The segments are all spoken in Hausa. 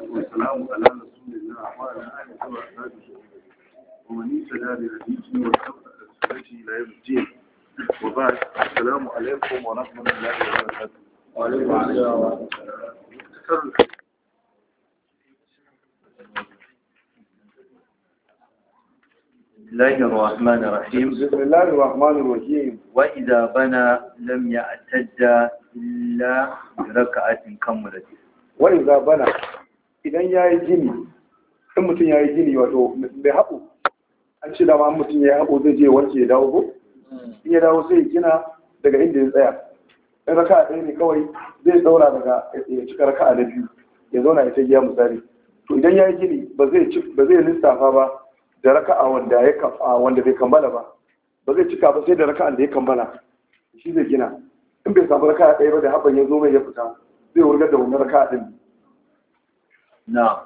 والسلام على رسول الله وعلى آله وأصحابه ومن اهتدى بهديه واستمتع بسنته إلى يوم الدين وبعد السلام عليكم ورحمة الله وبركاته وعليكم السلام ورحمة الله الله الرحمن الرحيم بسم الله الرحمن الرحيم وإذا بنى لم يعتد إلا بركعة كملت وإذا بنى idan ya yi gini in mutum ya yi gini wato bai haɓu an ce dama mutum ya yi haɓo zai je wance ya dawo ko in ya dawo sai gina daga inda ya tsaya in raka'a ɗaya ne kawai zai tsaura daga ya cika raka'a na biyu ya zauna ya ta giya misali to idan ya yi gini ba zai lissafa ba da raka'a wanda ya wanda bai kammala ba ba zai cika ba sai da raka'an da ya kammala shi zai gina in bai samu raka'a ɗaya ba da haɓan ya zo mai ya fita zai wurgar da wannan raka'a ɗin na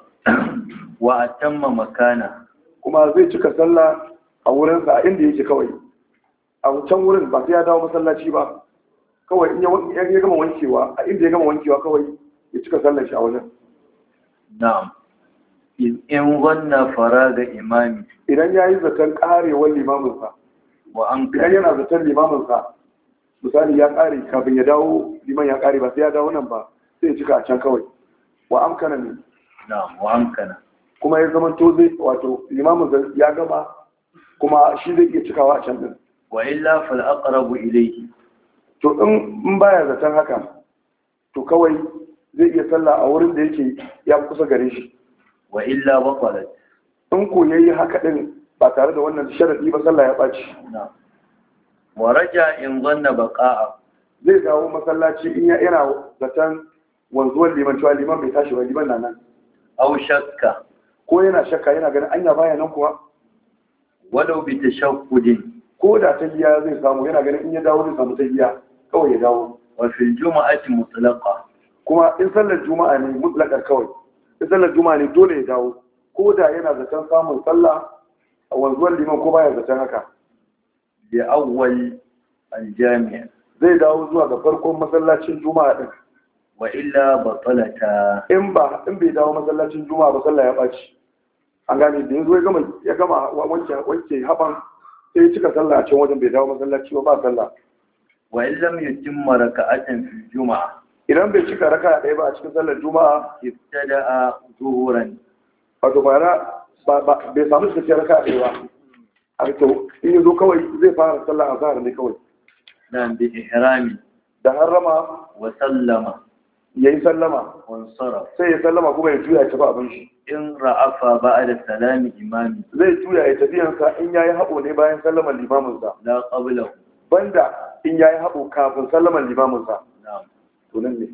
wa atamma makana kuma zai cika sallah a wurinsa a inda yake kawai a can wurin ba sai ya dawo masallaci ba kawai in ya gama wankewa a inda ya gama wankewa kawai ya cika sallar shi a wajen na'am in wanna ga imami idan ya yi zaton karewar limaminsa wa an idan yana zaton limaminsa misali ya kare kafin ya dawo liman ya kare ba sai ya dawo nan ba sai ya cika a can kawai wa amkana ne kuma ya zama to zai wato limamu ya gama kuma shi zai iya cikawa a can din wa illa fal aqrabu ilayhi to in baya zaton haka to kawai zai iya sallah a wurin da yake ya kusa gare shi wa illa batalat in ko yayi haka din ba tare da wannan sharadi ba sallah ya baci wa raja in zanna baqa'a zai dawo masallaci in yana zaton wanzuwar liman cewa liman bai tashi ba liman na nan aw shakka ko yana shakka yana ganin anya baya nan kuwa walau bi tashaqqudin ko da tahiya zai samu yana ganin in ya dawo zai samu tahiya kawai ya dawo wa fil jumu'ati mutlaqa kuma in sallar juma'a ne mutlaka kawai in sallar juma'a ne dole ya dawo ko da yana zaton samun sallah a wanzuwar liman ko baya zaton haka bi awwal aljami'a zai dawo zuwa ga farkon masallacin juma'a din wa illa batalata in ba in bai dawo masallacin juma'a ba sallah ya baci an gane da yanzu ya gama ya gama wanke wanke haban sai cika sallah a cikin wajen bai dawo masallaci ba ba sallah wa in lam yutimma raka'atan fi juma'a idan bai cika raka'a ɗaya ba a cikin sallar juma'a ibtada'a zuhuran wato ma'ana bai samu cikakken raka'a ɗaya ba a to in yazo kawai zai fara sallah a zahar ne kawai nan bi ihrami da harrama wa sallama ya yi sallama sai ya sallama kuma ya juya tafi abin shi in ra'afa ba a da salami imami zai juya ya tafi yansa in ya yi haɓo ne bayan sallaman limaminsa Na qabla banda in ya yi haɓo kafin sallaman limaminsa na tunan nan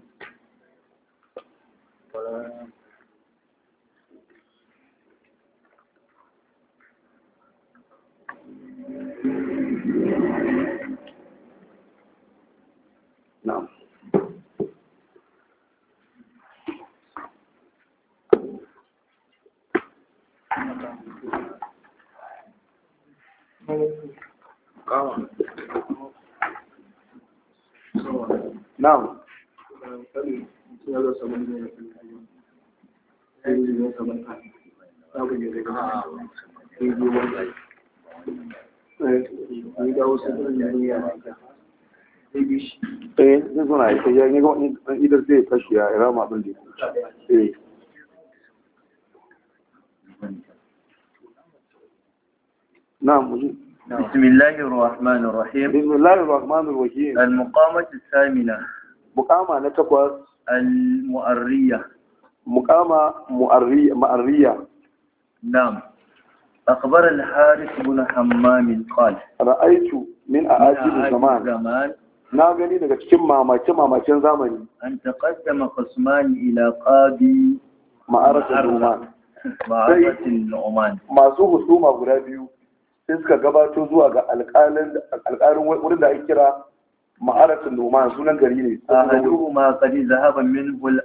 ne na'am na'am eh zai zuna ya kai ya ga wani idar zai kashi ya rama abin da ya kuce eh. نعم مجيب بسم الله الرحمن الرحيم بسم الله الرحمن الرحيم المقامة الثامنة مقامة نتقوى المؤرية مقامة مؤرية مؤرية نعم أخبر الحارث بن حمام قال رأيت من أعاجب الزمان زمان na gani daga cikin mamace-mamacen zamani an taƙaddama qasman ila qadi ma'aratin numan masu husuma guda biyu sai suka gabato zuwa ga alƙalin wurin da ake kira ma'aratun noma sunan gari ne a ahaduhu ma qadi zahaba min hul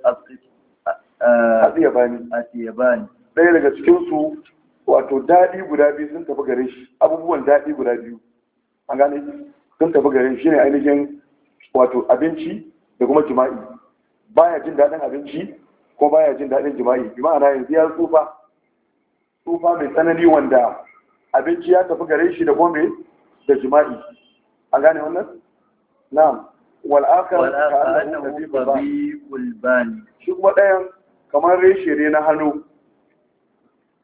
asiyabani ah, asiyabani ɗaya daga cikinsu wato daɗi guda biyu sun tafi gare shi abubuwan daɗi guda biyu an gane sun tafi gare shi ne ainihin wato abinci da kuma jima'i baya jin daɗin abinci ko baya jin daɗin jima'i bi ma'ana yanzu ya tsufa tsufa mai tsanani wanda abinci ya tafi gare shi da bombe da jima'i a gane wannan Na. wal akhar ka annahu shi kuma ɗayan kamar reshe ne na hannu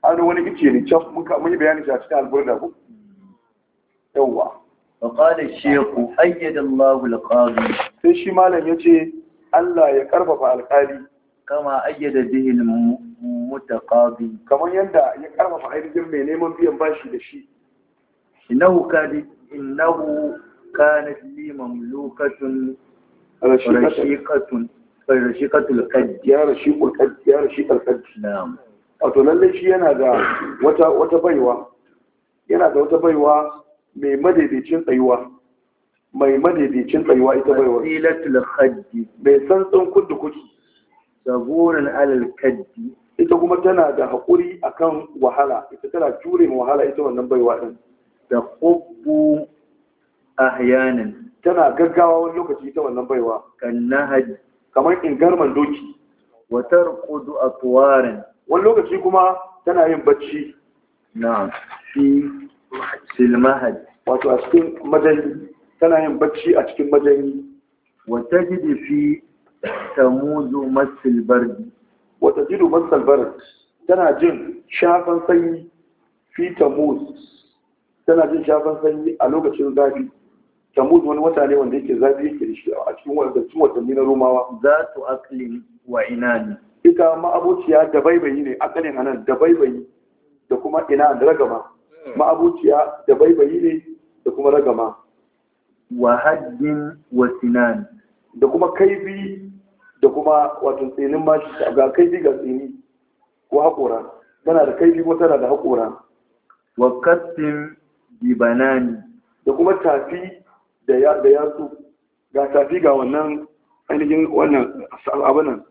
hannu wani ice ne can mun yi bayani shi a cikin alburda ku yawwa فقال الشيخ أيد الله القاضي sai shi malam ya ce Allah ya karfafa alƙali kama ayyada mu. mutaqadi kamar yadda ya karfafa ainihin mai neman biyan bashi da shi innahu kadi innahu kanat li mamlukatun ya rashiqul qad ya rashiqul shi yana da wata baiwa mai madaidaicin tsayuwa mai madaidaicin tsayuwa ita baiwa wasilatul kudu kudi saburin alal kaddi ita kuma tana da haƙuri akan wahala ita tana jure ma wahala ita wannan baiwa din da hubbu ahyanan tana gaggawa wani lokaci ita wannan baiwa Kanna nahaj kamar in garman doki wa a tuwarin. wani lokaci kuma tana yin bacci na fi silmahad wato a cikin majanyi tana yin bacci a cikin majanyi Wata gidi fi tamuzu masu bardi wata jiru masal tana jin shafan sanyi fi tamuz tana jin shafan sanyi a lokacin zafi tamuz wani wata ne wanda yake zafi yake da shi a cikin cin watanni na romawa za su asali wa ina ne ita ma'abociya da baibayi ne akalin nan da baibayi da kuma ina da ragama ma'abociya da baibayi ne da kuma ragama wa haddin wa sinan da kuma kaifi da kuma wato tsinin mashi ga kaifi ga tsini ko haƙora tana da kaifi ko tana da haƙora wa kastin bi banani da kuma tafi da yatsu ga tafi ga wannan ainihin wannan abinan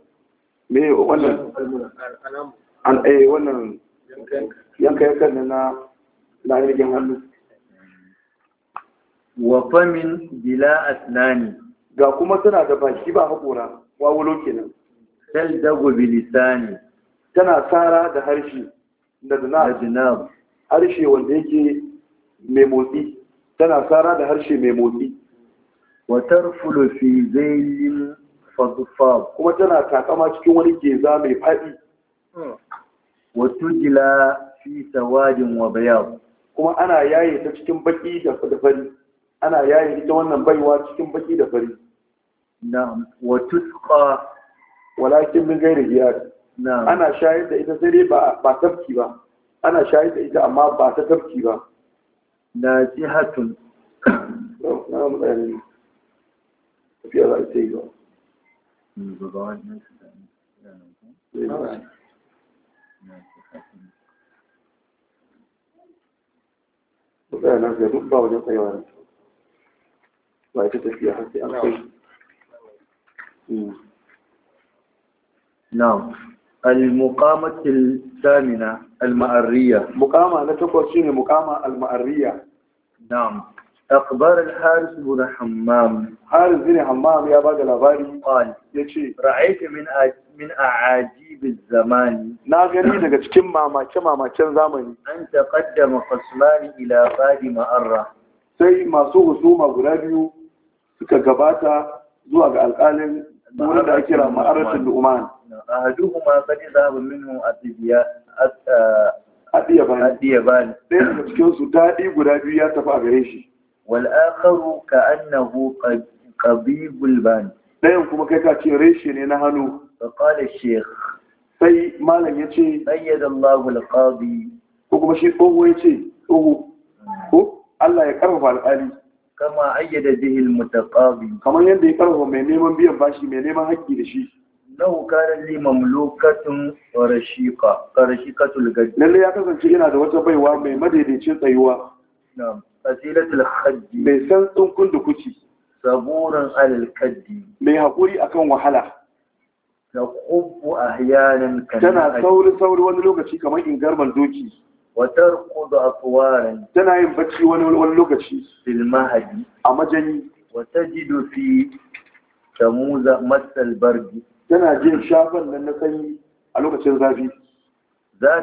me wannan an eh wannan yanka yankan na na ainihin hannu wa famin bila asnani ga kuma tana da baki ba haƙora wawulo kenan tal dago bilisani tana tsara da harshe da dinab harshe wanda yake mai motsi tana tsara da harshe mai motsi wa tarfulu fi zayin fasufab kuma tana takama cikin wani geza mai faɗi hmm. wa tujila fi sawadin wa bayad kuma ana yaye ta cikin baki da fari ana yaye ta wannan baiwa cikin baki da fari na wa tusqa walakin min ghairi iyad na'am ana shayar da ita sai dai ba ba tafki ba ana shayar da ita amma ba ta tafki ba na hmm, zai na'am al-muqamatil samina al muqama na takwas shine muqama al-ma'arriya Haris أخبار hammam. بن حمام حارس ya ba da labari. لاباري قال يشي رأيت من أج... من أعاجيب cikin mamace mamacen zamani an taqaddama qasman ila fadi ma'arra. sai masu husuma guda biyu suka gabata zuwa ga alƙalin dole da ake rama aratin lu'uman a qad zahaba a adiya a bani adiya bani sai daga cikin su ɗi guda biyu ya tafi a gare shi wal akharu ka annahu qabibul bani dayan kuma kai ka ce reshe ne na hannu fa qala shaykh sai malam ya yace ayyadallahu al qadi ko kuma shi tsoho yace tsoho hmm. ko Allah ya karfafa alƙali kama ayyada bihi almutaqabi kamar yadda ya karfa mai neman biyan bashi mai neman haƙƙi da shi nahu kana li mamlukatun rashiqa rashiqatul lalle ya kasance yana da wata baiwa mai madaidaicin tsayuwa na'am fasilatul hajji mai san tsunkun da kuci saburan alal kaddi mai hakuri akan wahala da kubu ahyanan kana tana sauri sauri wani lokaci kamar ingarman doki watar kudu afuwarin tana yin bacci wani wani lokaci fil mahadi a majani. wata jido fi tamuza matsal bardi tana jin shafan nan na sanyi a lokacin zafi za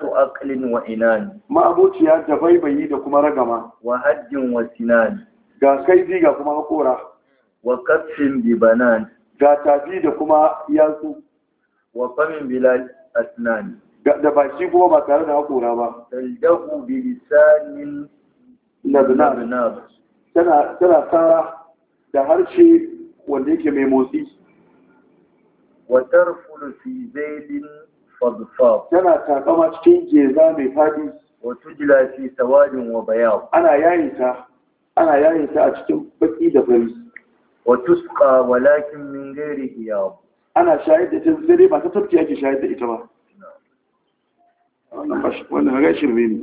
ta akalin wa inani ma'abociya da baibayi da kuma ragama wa hajjin wa sinani ga kaifi ga kuma hakora wa kafin bi banan ga tafi da kuma yatsu wa famin bilal asnani da shi kuma ba tare da haƙora ba ridahu bi lisanin na tana tana tsara da harshe wanda yake mai motsi wa tarfulu fi zaidin fadfad tana takama cikin jeza mai fadi wa tujla fi sawadin wa bayan. ana yayinta ana yayinta a cikin baki da fari wa tusqa walakin min ghairi hiyab ana shayar da ta zare ba ta tafki ake shayar da ita ba wannan rashin rini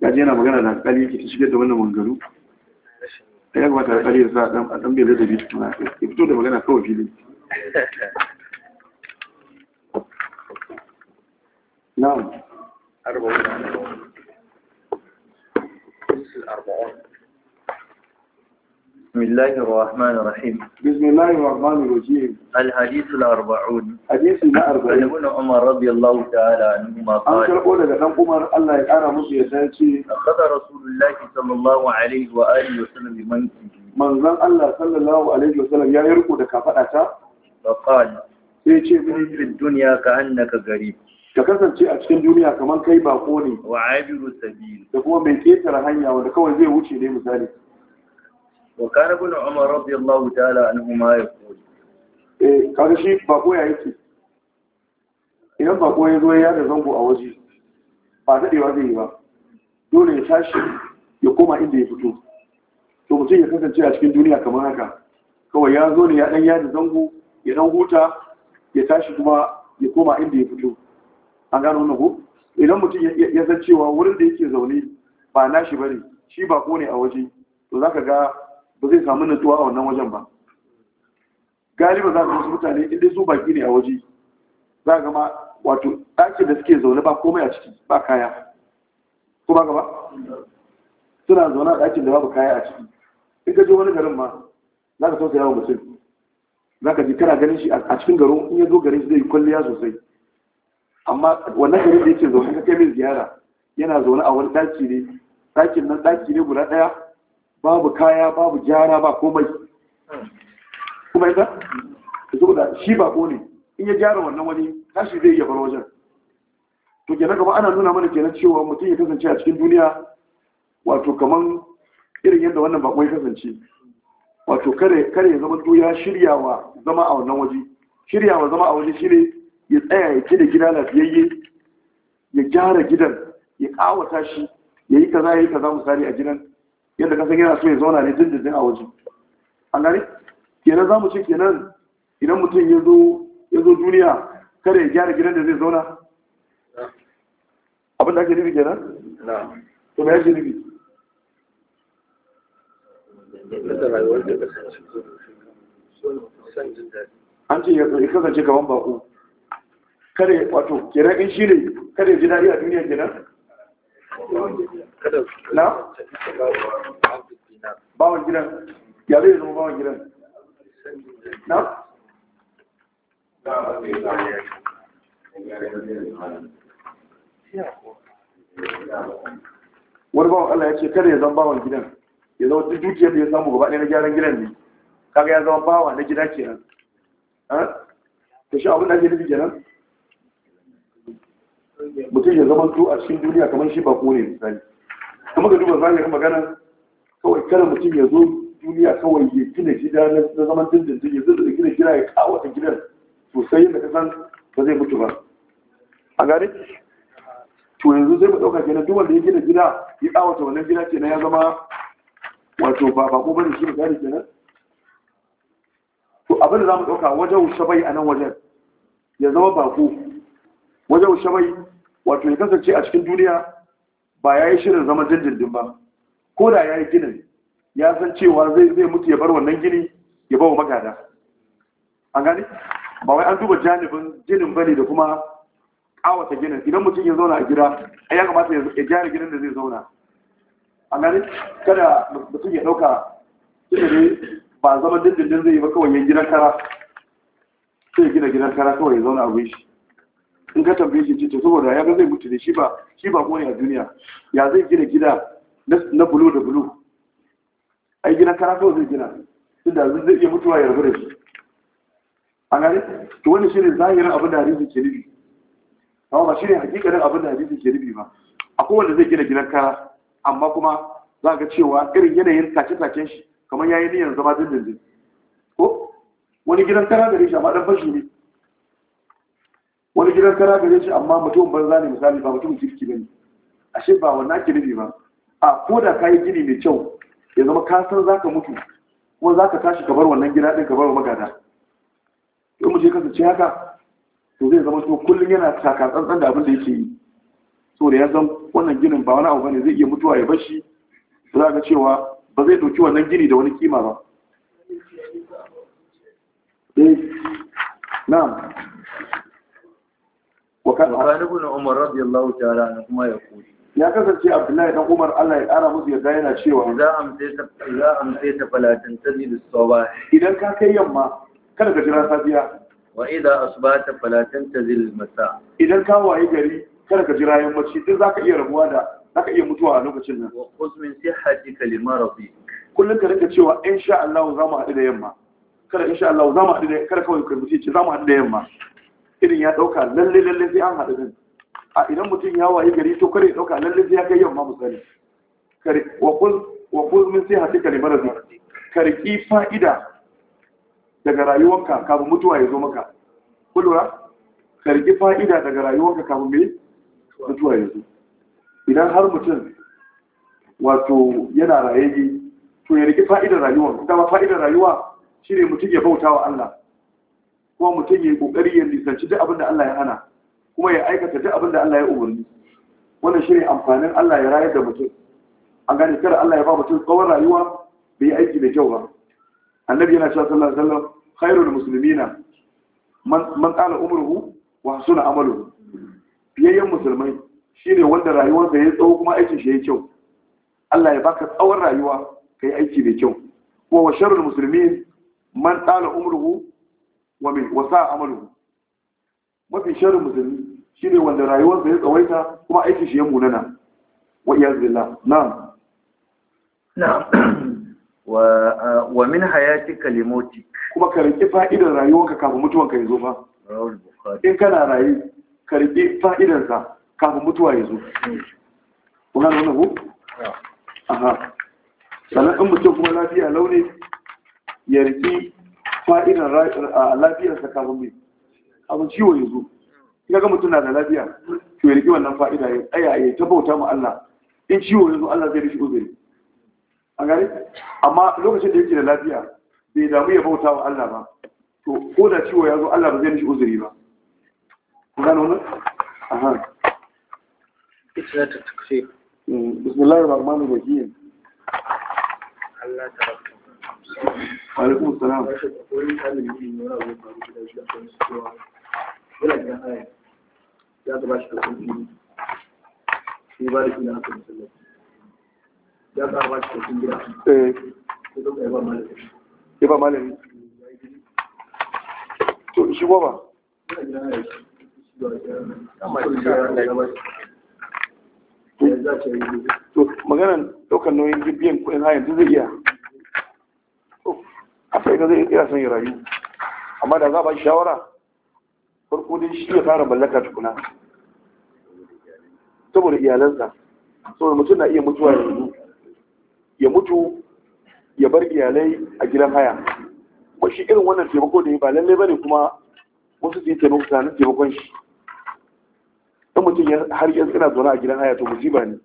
gaji yana magana da alkali ke ta shigar da wannan mangaru da yi kamata alkali ya sa a ɗan bai da bitu tuna ya fito da magana kawai fili na'am arba'un بسم الله الرحمن الرحيم بسم الله الرحمن الرحيم الحديث الأربعون حديث الأربعون ابن عمر رضي الله تعالى عنهما قال أنت الأولى لأن عمر الله يقرأ مصر يسالتي أخذ رسول الله صلى الله عليه وآله وسلم بمنكه من ظن الله صلى الله عليه وسلم يا يرقو دكافأة فقال سيتي في الدنيا كأنك غريب ka kasance a cikin duniya kamar kai bako ne wa abiru sabil da kuma mai ketare hanya wanda kawai zai wuce ne misali وكان ابن عمر رضي الله تعالى عنهما يقول eh kaga shi bako ya yake idan bako ya zo ya da zango a waje ba daɗewa zai yi ba dole ya tashi ya koma inda ya fito to mutum ya kasance a cikin duniya kamar haka kawai ya zo ne ya ɗan yada zango ya ɗan huta ya tashi kuma ya koma inda ya fito an gano wannan ko idan mutum ya san cewa wurin da yake zaune ba nashi bane shi bako ne a waje to zaka ga ba zai samu nutsuwa a wannan wajen ba galiba za su wasu mutane inda su baki ne a waje za gama wato ɗakin da suke zaune ba komai a ciki ba kaya ko ba gaba suna zaune a ɗakin da babu kaya a ciki in ka je wani garin ma za ka tausaya wa mutum za ka ji kana ganin shi a cikin garin in ya zo garin shi zai yi kwalliya sosai amma wannan garin da yake zaune ka kai min ziyara yana zaune a wani ɗaki ne ɗakin nan ɗaki ne guda ɗaya babu kaya babu jara ba komai kuma yadda saboda shi ba ne in ya gyara wannan wani tashi zai iya bar wajen to kenan gaba ana nuna mana kenan cewa mutum ya kasance a cikin duniya wato kaman irin yadda wannan bakon ya kasance wato kare ya zama ya shiryawa zama a wannan waje shiryawa zama a waje ne ya tsaya ya gina gida lafiyayye ya gyara gidan ya kawata shi ya yi kaza ya yi kaza misali a gidan yadda kasan yana so ya zauna ne dindindin a waje an gani kenan za mu ce kenan idan mutum ya zo duniya kada ya gyara gidan da zai zauna abin da ake nufi kenan to me ake nufi an ce ya kasance kaman bako kada wato kenan in shi ne kada ya ji daɗi a duniya kenan na bawan gidan ya zai zama bawan gidan na wani bawan Allah ya ce kada ya zama bawan gidan ya zama duk dukiyar da ya samu gaba ɗaya na gyaran gidan ne kaga ya zama bawa na gida kenan ta shi abin da ake nufi kenan mutum ya zama to a cikin duniya kamar shi ba ko ne misali kamar ka duba zahirin magana kawai kada mutum ya zo duniya kawai ya gina gida na zaman dindin ya zo da gina gida ya kawata gidan sosai yadda kasan ba zai mutu ba a gare to yanzu zai mu ɗauka kenan duk wanda ya gina gida ya kawata wannan gida kenan ya zama wato ba bako bane shi misali kenan to abin da za mu ɗauka wajen shabai a nan wajen ya zama bako wajen shabai wato ya kasance a cikin duniya ba ya yi shirin zama jinjindin ba ko da ya yi ginin ya san cewa zai zai mutu ya bar wannan gini ya bawa magada an gani ba wai an duba janibin ginin bane da kuma kawata ginin idan mutum ya zauna a gida ya kamata ya gyara ginin da zai zauna an gani kada mutum ya dauka ne ba zama dindindin zai yi ba kawai ya gidan kara sai gina gidan kara kawai ya zauna a wuce in ka tambaye shi ce saboda ya ga zai mutu ne shi ba shi ba ne a duniya ya zai gina gida na bulu da bulu? ai gina kawai zai gina inda zai iya mutuwa ya rabu da shi a gane to wani shi ne zahirin abin da hadisi ke nufi amma ba shi ne hakikarin abin da hadisi ke nufi ba akwai wanda zai gina gidan kara amma kuma za ga cewa irin yanayin take-taken shi kamar ya yi niyyar zama dindindin ko wani gidan kara da shi amma dan fashi ne wani gidan kara gare shi amma mutum banza ne misali ba mutum kirki bane ashe ba wannan ake nufi ba a ko da kayi gini mai kyau ya zama ka san zaka mutu kuma zaka tashi ka bar wannan gida din ka bar magada in mu je kasance haka to zai zama to kullum yana taka tsantsan da abin da yake yi da ya san wannan ginin ba wani abu bane zai iya mutuwa ya bashi za ka cewa ba zai dauki wannan gini da wani kima ba eh, na'am وكان ابن عمر رضي الله تعالى عنهما يقول ya kasance abdullahi dan umar allah ya kara musu yadda yana cewa za a amsai ta falatin tazi da soba idan ka kai yamma kada ka jira safiya wa idza asbata falatin tazi masa idan ka waye gari kada ka jira yammaci duk zaka iya rabuwa da zaka iya mutuwa a lokacin nan wa qusmin sihhati kalima rabbi kullun ka rika cewa insha Allah za mu haɗu da yamma kada insha Allah za mu haɗu da ka mutu haɗu da yamma irin ya dauka lalle lalle sai an haɗu a idan mutum ya waye gari to kare dauka lalle sai ya kai yamma misali kare wa kul wa kul min sai hati kare marazi karki fa'ida daga rayuwarka kafin mutuwa ya zo maka kare ƙi fa'ida daga rayuwarka kafin me mutuwa ya zo idan har mutum wato yana raye to ya riki fa'idar rayuwa kuma fa'idar rayuwa shine mutum ya bauta wa Allah kuma mutum ya yi kokari ya nisanci duk abin da Allah ya hana kuma ya aikata duk abin da Allah ya umarni wannan shi ne amfanin Allah ya rayar da mutum an gane kada Allah ya ba mutum tsawon rayuwa bai yi aiki da kyau ba annabi yana cewa sallallahu alaihi wasallam khairul muslimina man man qala umruhu wa hasuna amaluhu biyayyen musulmai shine wanda rayuwarsa ya tsawo kuma aikin shi ya kyau Allah ya baka tsawon rayuwa kai aiki da kyau wa wa sharrul muslimin man qala umruhu wa min wasa amalu mafi sharrin musulmi ne wanda rayuwarsa ya tsawaita kuma aiki shi ya munana wa iyaz billah na'am wa wa min hayatika limutik kuma ka riki fa'idar rayuwarka kafin mutuwanka ya zo fa in kana rayu ka riki fa'idar kafin mutuwa ya zo kuna da wannan ko aha sannan in mutum kuma lafiya launi ya riki fa'idan lafiyarsa kafin mai abin ciwo ya zo ya ga mutum na da lafiya to ya riƙi wannan fa'ida ya tsaya ya ta bauta mu Allah in ciwo ya zo Allah zai rishi uzuri a gari amma lokacin da yake da lafiya bai damu ya bauta wa Allah ba to ko da ciwo ya zo Allah ba zai rishi uzuri ba ku gano aha hmm. bismillahir rahmanir rahim Allah ta alaikun salam ya eh. ta ba shi da ba nauyin biyan kuɗin haya zai iya sai ga zai ina son ya rayu amma da za ba shawara farko dai shi ya fara mallaka tukuna saboda iyalansa saboda mutum na iya mutuwa mutu ya mutu ya bar iyalai a gidan haya kuma shi irin wannan taimako da ya ba lallai bane kuma wasu su yi taimako tunanin taimakon shi in mutum har yanzu yana zaune a gidan haya to musiba ne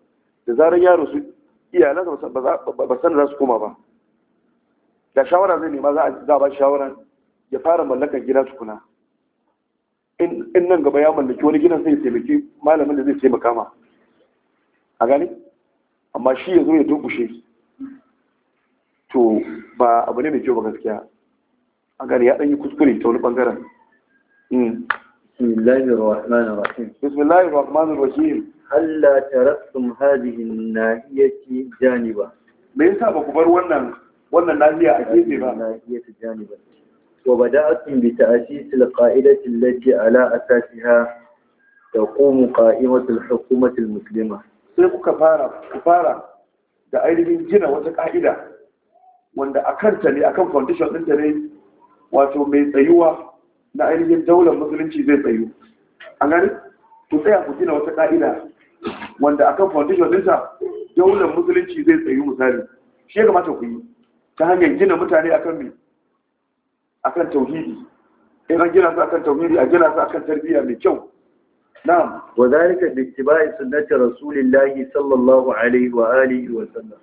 da zarar yaro su iyalansa ba san da za su koma ba da shawara zai nema za a ba shawara ya fara mallakan gida tukuna in nan gaba ya mallaki wani gidan sai ya taimaki malamin da zai taimaka ma a gani amma shi ya zo ya durkushe to ba abu ne mai kyau ba gaskiya a gani ya ɗanyi kuskure ta wani ɓangaren hmm. bismillahir rahmanir rahim bismillahir rahmanir rahim halla tarattum hadhihi an-nahiyati janiba me yasa ba ku bar wannan wannan nahiya a gefe ba nahiya ta janiba wa bada'atun bi ta'sis al ala asasiha taqumu qa'imatu al-hukumati sai kuka fara ku da ainihin gina wata ka'ida wanda akan ta ne akan ɗinta ne wato mai tsayuwa na ainihin daular musulunci zai tsayu a gani ku tsaya ku gina wata ka'ida wanda daular musulunci zai tsayu misali shi kamata ku yi ta hanyar gina mutane akan mai akan tauhidi in gina su akan tauhidi a gina su akan tarbiyya mai kyau na'am wa zalika bi ittiba'i sunnati rasulillahi sallallahu alaihi wa alihi wa sallam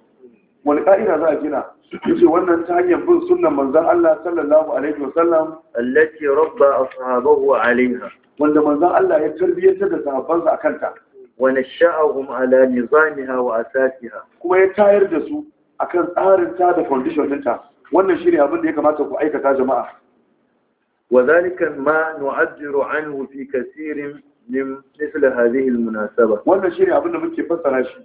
wani ka'ida za a gina yace wannan ta hanyar bin sunnan manzon Allah sallallahu alaihi wa sallam allati rabba ashabahu alaiha wanda manzon Allah ya tarbiyyantar da sahabbansa akan ta wa nasha'ahum ala nizamiha wa asasiha kuma ya tayar da su akan tsarin ta da foundation ɗinta wannan shine abin da ya kamata ku aikata jama'a wa zalika ma nu'ajjiru anhu fi kaseerin min misl hadhihi almunasaba wannan shine abin da muke fassara shi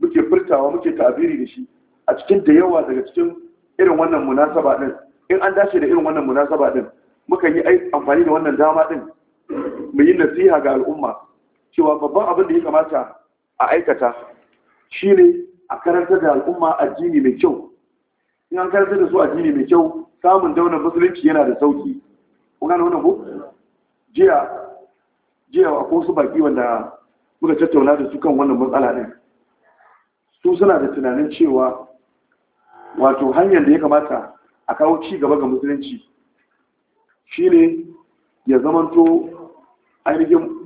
muke furtawa muke ta'abiri da shi a cikin da yawa daga cikin irin wannan munasaba din in an dace da irin wannan munasaba din muka yi amfani da wannan dama din mu yi nasiha ga al'umma cewa babban abin da ya kamata a aikata shine a karanta da al'umma addini mai kyau in an karanta da su addini mai kyau samun daunar musulunci yana da sauki kun gane wannan jiya jiya akwai wasu baki wanda muka tattauna da su kan wannan matsala ne su suna da tunanin cewa wato hanyar da ya kamata a kawo ci gaba ga musulunci shine ya zamanto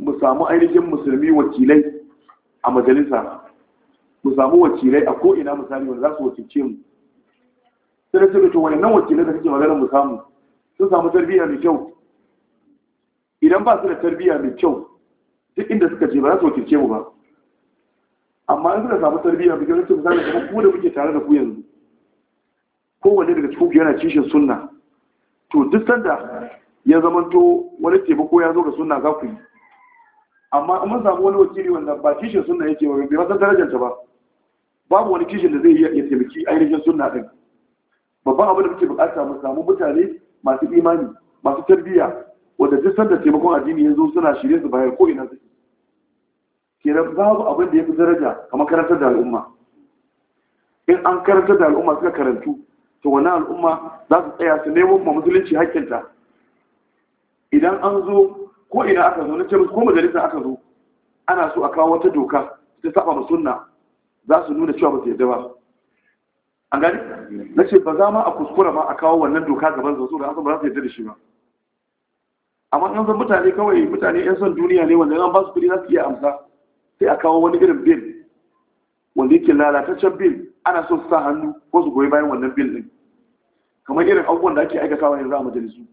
mu samu ainihin musulmi wakilai a majalisa mu samu wakilai a ko'ina misali wanda za su wakilce mu sai da cikin wani nan wakilai da suke maganar mu samu sun samu tarbiyya mai kyau idan ba su da tarbiyya mai kyau duk inda suka je ba za su wakilce mu ba amma in suka samu tarbiyya mai kyau sun samu kuma ku da muke tare da ku yanzu kowanne daga cikin ku yana kishin sunna to duk sanda ya zamanto wani taimako ya zo ga sunna za ku yi amma in mun samu wani wakili wanda ba kishin sunna yake ba bai san darajarta ba babu wani kishin da zai iya ya taimaki ainihin suna din babban abin da muke bukata mu samu mutane masu imani masu tarbiyya wanda duk sanda taimakon addini yanzu suna shirye su bayar ko ina ke kenan babu abin da ya fi daraja a makarantar da al'umma in an karantar da al'umma suka karantu to wani al'umma za su tsaya su nemo ma musulunci hakkinta idan an zo ko ina aka zo na ce ko majalisa aka zo ana so a kawo wata doka ta saba wa sunna za su nuna cewa ba su yadda ba an gani na ce ba za ma a kuskura ma a kawo wannan doka gaban su da ba za su yadda da shi ba amma an san mutane kawai mutane yan son duniya ne wanda an ba su kuɗi za su iya amsa sai a kawo wani irin bil wanda yake lalataccen bil ana so su sa hannu ko su goyi bayan wannan bil din kamar irin abubuwan da ake aikatawa yanzu a majalisu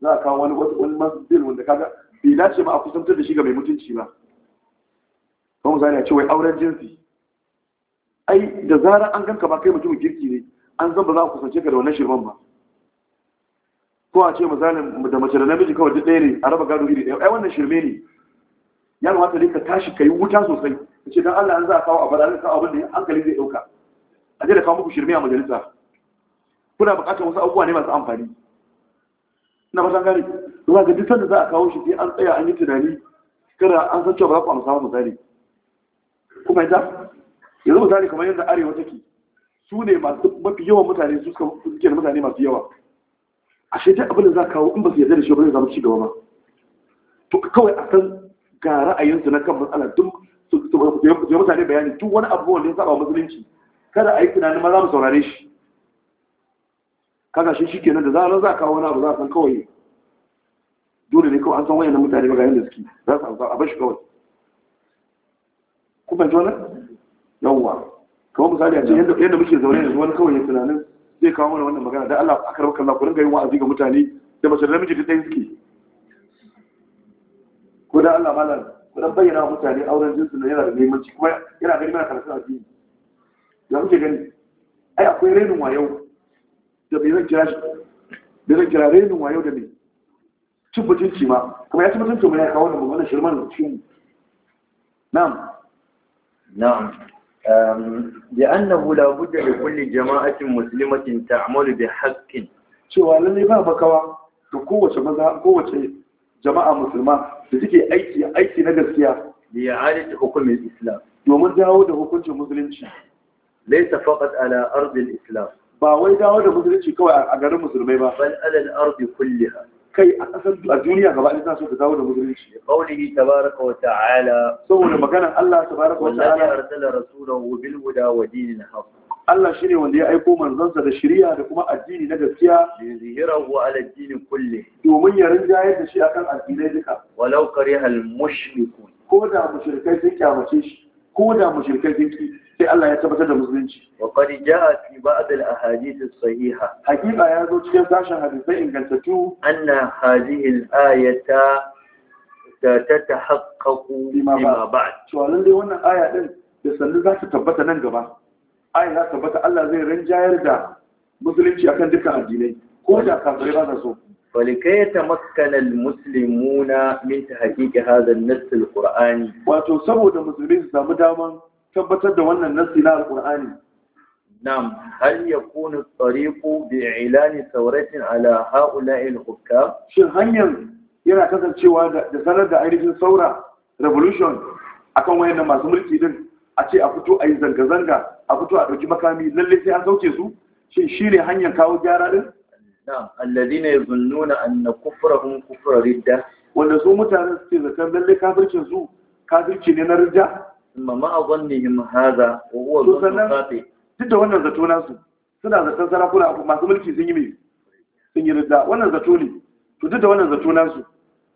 za a kawo wani wasu wani masu bil wanda kaga bai dace ma a kusantar da shi ga mai mutunci ba kuma zane a ce wai auren jinsi ai da zarar an ganka ba kai mutumin girki ne an zan ba za ku kusance ka da wannan shirman ba ko a ce misalin da mace da namiji kawai duk ɗaya ne a raba gado iri ɗaya ai wannan shirme ne ya kamata ne ka tashi ka yi wuta sosai ka ce dan Allah an za a kawo a bada zai kawo abin da hankali zai ɗauka a je da kawo muku shirme a majalisa kuna buƙatar wasu abubuwa ne masu amfani ina san gari za ga duk sanda za a kawo shi sai an tsaya an yi tunani kada an san cewa ba za ku amsa misali kuma ita. yanzu misali kamar yadda arewa take su ne masu mafi yawan mutane su suke da mutane masu yawa a shi dai abin da za kawo in ba su yarda da shi ba zai zama cigaba ba to kawai a san ga ra'ayinsu na kan matsala duk su yi mutane bayani duk wani abu wanda ya saba musulunci kada a yi tunanin ma za mu saurare shi kaga shi shikenan da zarar za a kawo wani abu za a san kawai dole ne kawai an san wayannan mutane ba ga yadda suke za su a bar shi kawai ku fahimci wannan yawwa kawai misali a cikin yadda muke zaune da wani kawai ya tunanin zai kawo mana wannan magana da Allah aka rauka Allah ku ringa yin wa'azi ga mutane da mace da namiji duk ɗaya suke ko da Allah ma ku bayyana wa mutane auren jinsu na yana da muhimmanci kuma yana gani mana karatun addini ya muke gani ai akwai renin wayo da bai zan kira shi da zan kira renin wayo da me cin mutunci ma kuma ya ci mutunci ma ya kawo da mu wannan shirman cikin na'am na'am da annahu la budda li kulli jama'atin muslimatin ta'malu cewa lallai ba makawa da kowace jama'a musulma da suke aiki na gaskiya li ya'adati hukumin islam domin dawo da hukuncin musulunci laysa faqat ala ardi al-islam ba wai dawo da musulunci kawai a garin musulmai ba bal ala kai a ƙasar a duniya gaba ɗaya ta so ta dawo da musulunci qawlihi tabaraka wa ta'ala saboda maganar Allah tabaraka wa ta'ala wallahi arsala rasulahu bil huda wa dinil haqq Allah shine wanda ya aiko manzansa da shiriya da kuma addini na gaskiya yuzhirahu ala ad-din kulli domin ya rinjayar da shi akan addinai duka walau kariha al-mushrikun ko da mushrikai sun kyamace shi ko da mushrikai sun ki sai Allah ya tabbatar da musulunci wa qad jaa fi ba'd al ahadith as sahiha hakika ya zo cikin sashen hadisai ingantattu anna hadhihi al ayata tatahaqqaqu bima ba'd to nan dai wannan aya din da sannu za ta tabbata nan gaba aya za ta tabbata Allah zai rinjayar da musulunci akan dukkan addinai ko da kafirai ba za su فلكي يتمكن المسلمون من تحقيق هذا النص القرآني واتو سبو دا مسلمين سامو داما تبتد وانا النص لا القرآني نعم هل يكون الطريق بإعلان ثورة على هؤلاء الحكام؟ شن هنيا يرى كثر da sanar da ainihin saura revolution akan wayannan masu mulki din a ce a fito a yi zanga-zanga a fito a ɗauki makami lalle sai an sauke su shin shi ne hanyar kawo gyara din na'am alladhina yazunnuna anna kufrahum kufra ridda wanda su mutanen suke zaton lalle kafircin su kafirci ne na ridda amma ma azannihim hadha wa huwa zannu khati duk da wannan zato nasu suna zaton sarakuna masu mulki sun yi me sun yi ridda wannan zato ne to duk da wannan zato nasu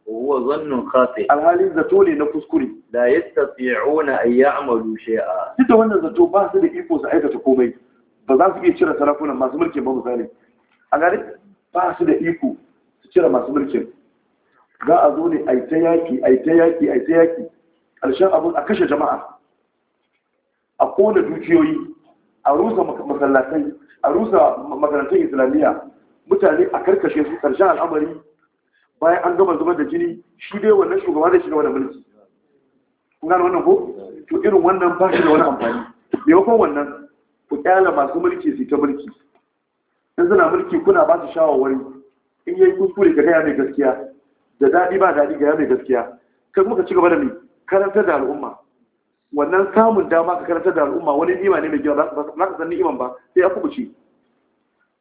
huwa zannun khati alhali zato ne na kuskure la yastati'una an ya'malu shay'a duk da wannan zato ba su da iko su aikata komai ba za su iya cire sarakunan masu mulki ba misali a gari ba su da iko su cire masu mulkin za a zo ne a yi ta yaƙi a yi ta yaƙi a yi ta yaƙi ƙarshen abin a kashe jama'a a kona dukiyoyi a rusa masallatai a rusa makarantar islamiyya mutane a karkashe su ƙarshen al'amari bayan an gama zubar da jini shi dai wannan shugaba da shi da wani mulki kun gane wannan ko to irin wannan ba shi da wani amfani maimakon wannan ku kyala masu mulki su ta mulki Yanzu na mulki kuna ba su shawarwari in yi kuskure ga gaya mai gaskiya da daɗi ba daɗi gaya mai gaskiya kan kuma ka ci gaba da mai karantar da al'umma wannan samun dama ka karantar da al'umma wani ni'ima ne mai gina za ka san ni'iman ba sai ya kubuce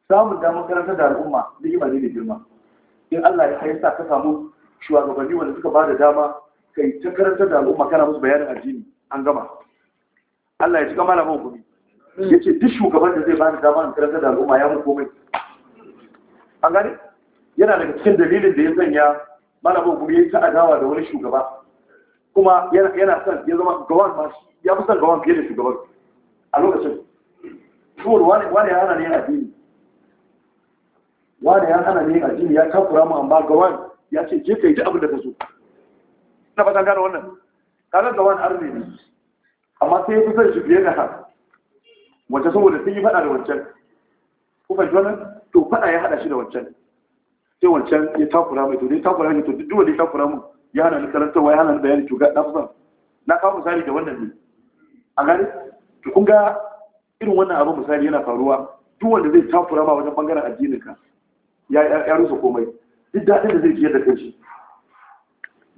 samun damar karantar da al'umma ni'ima ne mai girma in Allah ya sa ka samu shugabanni wanda suka ba da dama kai ta karantar da al'umma kana musu bayanin addini an gama Allah ya ci kamar malamin gobe ya ce duk shugaban da zai bani dama in karanta da al'umma ya mu komai an gani? yana daga cikin dalilin da ya sanya malamin gumi ya ta adawa da wani shugaba kuma yana son ya zama gawan ma ya fi son gawan fiye da shugaban a lokacin saboda wani ya hana ne dini wani ya hana ne dini ya takura mu amma gawan ya ce je ka yi duk abin da ka so na fatan gane wannan kaga gawan arne ne amma sai ya fi son shi fiye da haka wancan saboda sun yi faɗa da wancan ku fahimci wannan to faɗa ya haɗa shi da wancan sai wancan ya takura mai to dai takura mai to duk wanda ya takura mu ya hana ni karantarwa ya hana ni bayani to ga na fusa na kawo misali da wannan ne a gani to kun ga irin wannan abin misali yana faruwa duk wanda zai takura ma wajen bangaren addinin ka ya ya rusa komai duk daɗin da zai ciyar da kai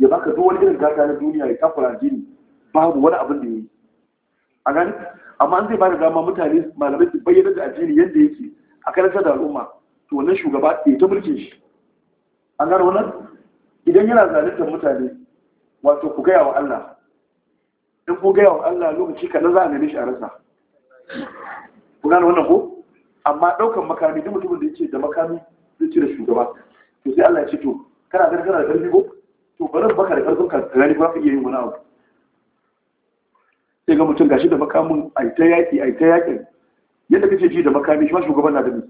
ya baka duk wani irin gata na duniya ya takura addini babu wani abin da yi a gani amma an zai ba da dama mutane malamai su bayyana da addini yadda yake a karantar da al'umma to wannan shugaba ya ta mulkin shi an gano wannan idan yana zaluntar mutane wato ku gaya wa Allah in ku gaya wa Allah lokaci kaɗan za a nemi shi a rasa ku gano wannan ko amma ɗaukar makami duk mutumin da yake da makami zai ci da shugaba to sai Allah ya ce to kana gargara da ƙarfi ko to bari baka da karfin ka gani ba ka iya yin wani abu sai ga mutum gashi da makamin a ta yaƙi a ta yaƙin yadda kake ji da makami shi ma shugaban na da ni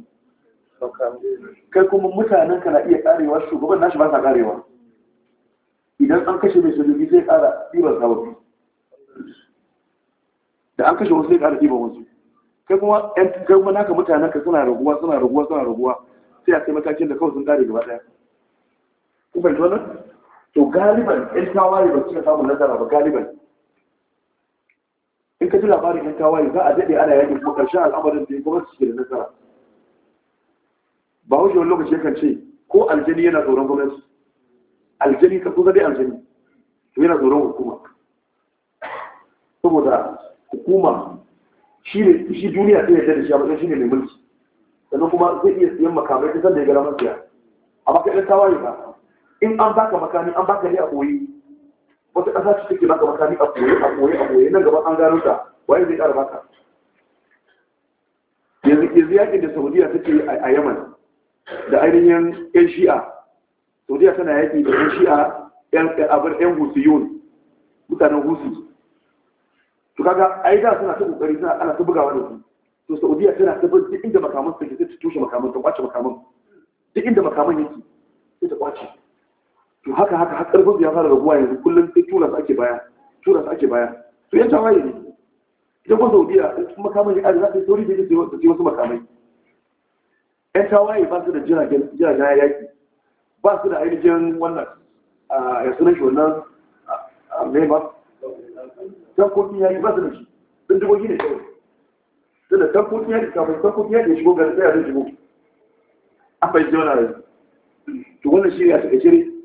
kai kuma mutanen ka na iya karewa shugaban nashi ba sa karewa idan an kashe mai sojoji zai kara ɗiban sababbi da an kashe wasu zai kara ɗiban wasu kai kuma yan kai kuma naka mutanen ka suna raguwa suna raguwa suna raguwa sai a kai matakin da kawai sun kare gaba ɗaya kuma fahimci wannan to galiban yan tawaye ba su ka samu nasara ba galiban ka ji labarin yan tawaye za a daɗe ana yaƙi kuma ƙarshen al'amarin da kuma su da nasara ba wuce wani lokaci kan ce ko aljani yana tsoron gwamnati aljani ka kusa dai aljani to yana tsoron hukuma saboda hukuma shi ne shi duniya ta yadda da shi a matsayin shi ne mai mulki sannan kuma zai iya siyan makamai ta da ya gara masiya amma ka ɗan tawaye ba in an baka makami an baka ne a koyi wata ƙasa ce take baka makami a koye a koye a koye nan gaba an gano ta waye zai ƙara baka yanzu zai yaƙi da saudiya take a yaman da ainihin yan shi'a saudiya tana yaƙi da yan shi'a yan abin yan husiyun mutanen husi to kaga ai da suna ta kokari suna ana ta bugawa da su to saudiya tana ta duk inda makaman suke sai ta tushe makaman ta kwace makaman duk inda makaman yake sai ta kwace to haka haka har karfin ya fara raguwa yanzu kullum sai tura su ake baya tura su ake baya to yan tawaye ne idan ba saudiya kuma makamai ne, ƙari za ta yi sauri da ya sai wasu makamai yan tawaye ba su da jiragen yaki ba su da ainihin wannan ya sunan shi wannan mai ba tankokin yaƙi ba su da shi sun dubogi ne kawai da tankokin yaƙi kafin tankokin yaƙi ya shigo garin sai ya zai a an bai a da to wannan shi ne a takaice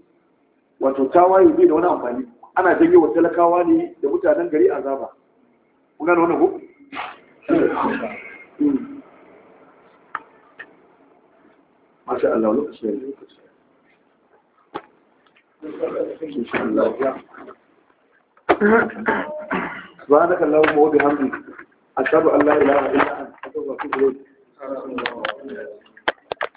wato tawaye bai da wani amfani ana janye wa talakawa ne da mutanen gari azaba kun gane wannan ko masha Allah lokaci ne lokaci سبحانك اللهم وبحمدك أشهد أن لا إله إلا أنت أستغفرك وأتوب إليك